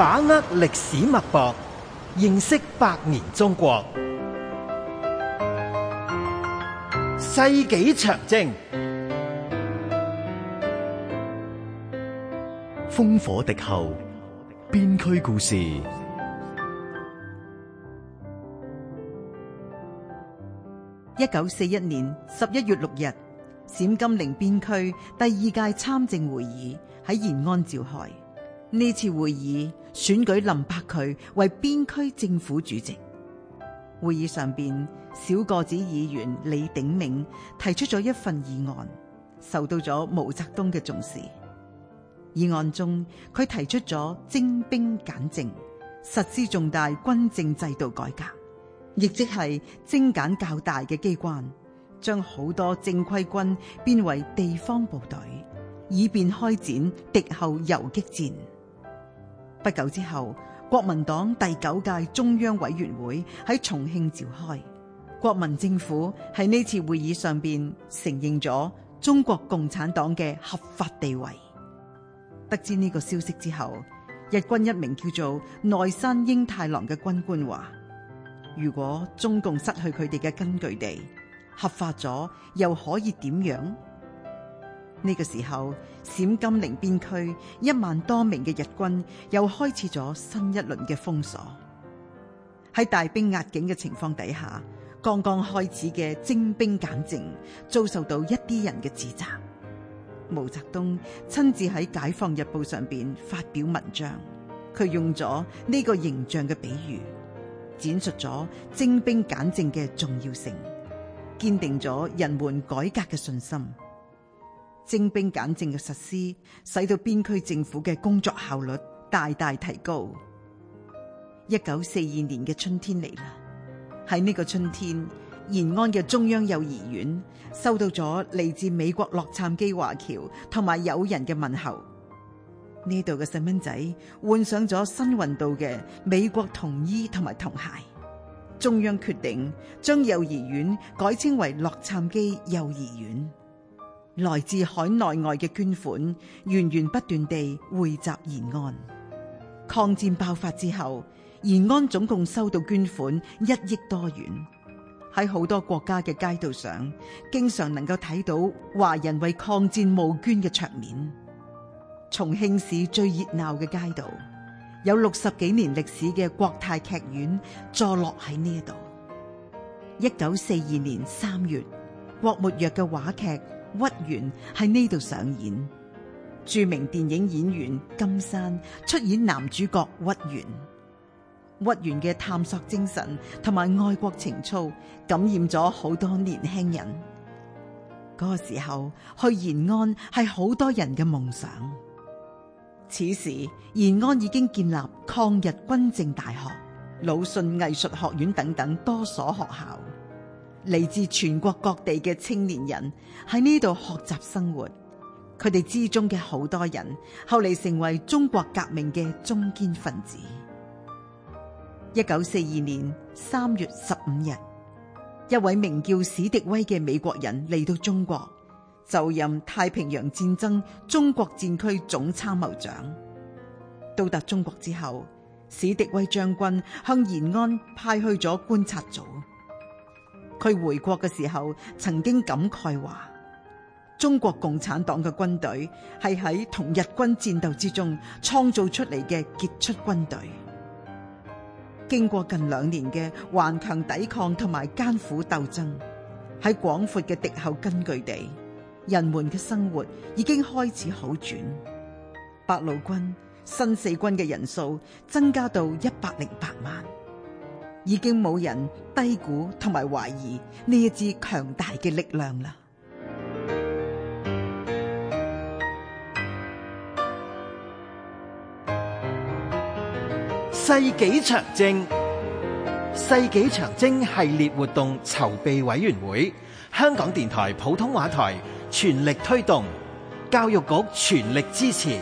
把握歷史脈搏，認識百年中國。世紀長征，烽火敵後，邊區故事。一九四一年十一月六日，陝甘寧邊區第二屆參政會議喺延安召開。呢次會議選舉林伯渠為邊區政府主席。會議上邊，小個子議員李鼎銘提出咗一份議案，受到咗毛澤東嘅重視。議案中，佢提出咗精兵簡政，實施重大軍政制度改革，亦即係精簡較大嘅機關，將好多正規軍變為地方部隊，以便開展敵後游擊戰。不久之後，國民黨第九屆中央委員會喺重慶召開。國民政府喺呢次會議上邊承認咗中國共產黨嘅合法地位。得知呢個消息之後，日軍一名叫做內山英太郎嘅軍官話：如果中共失去佢哋嘅根據地，合法咗又可以點樣？呢個時候，陝甘寧邊區一萬多名嘅日軍又開始咗新一輪嘅封鎖。喺大兵壓境嘅情況底下，剛剛開始嘅精兵簡政，遭受到一啲人嘅指責。毛澤東親自喺《解放日報》上邊發表文章，佢用咗呢個形象嘅比喻，闡述咗精兵簡政嘅重要性，堅定咗人們改革嘅信心。精兵簡政嘅實施，使到邊區政府嘅工作效率大大提高。一九四二年嘅春天嚟啦，喺呢個春天，延安嘅中央幼兒園收到咗嚟自美國洛杉磯華僑同埋友人嘅問候。呢度嘅細蚊仔換上咗新運到嘅美國童衣同埋童鞋。中央決定將幼兒園改稱為洛杉磯幼兒園。來自海內外嘅捐款，源源不斷地匯集延安。抗戰爆發之後，延安總共收到捐款一億多元。喺好多國家嘅街道上，經常能夠睇到華人為抗戰募捐嘅場面。重慶市最熱鬧嘅街道，有六十幾年歷史嘅國泰劇院坐落喺呢一度。一九四二年三月，郭沫若嘅話劇。屈原喺呢度上演，著名電影演員金山出演男主角屈原。屈原嘅探索精神同埋愛國情操感染咗好多年輕人。嗰個時候去延安係好多人嘅夢想。此時延安已經建立抗日軍政大學、魯迅藝術學院等等多所學校。嚟自全國各地嘅青年人喺呢度學習生活，佢哋之中嘅好多人後嚟成為中國革命嘅中堅分子。一九四二年三月十五日，一位名叫史迪威嘅美國人嚟到中國，就任太平洋戰爭中國戰區總參謀長。到達中國之後，史迪威將軍向延安派去咗觀察組。佢回國嘅時候，曾經感慨話：中國共產黨嘅軍隊係喺同日軍戰鬥之中創造出嚟嘅傑出軍隊。經過近兩年嘅頑強抵抗同埋艱苦鬥爭，喺廣闊嘅敵後根據地，人們嘅生活已經開始好轉。八路軍、新四軍嘅人數增加到一百零八萬。已經冇人低估同埋懷疑呢一支強大嘅力量啦！世紀長征、世紀長征系列活動籌備委員會，香港電台普通話台全力推動，教育局全力支持。